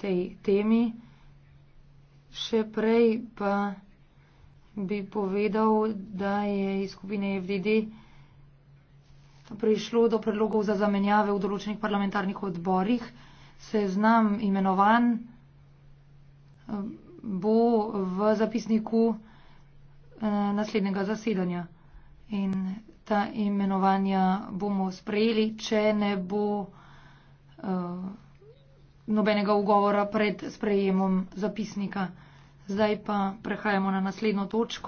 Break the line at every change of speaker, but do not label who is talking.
tej temi. Še prej pa bi povedal, da je iz skupine FDD prišlo do predlogov za zamenjave v določenih parlamentarnih odborih. Seznam imenovan eh, bo v zapisniku eh, naslednjega zasedanja. In ta imenovanja bomo sprejeli, če ne bo nobenega ugovora pred sprejemom zapisnika. Zdaj pa
prehajamo na naslednjo točko.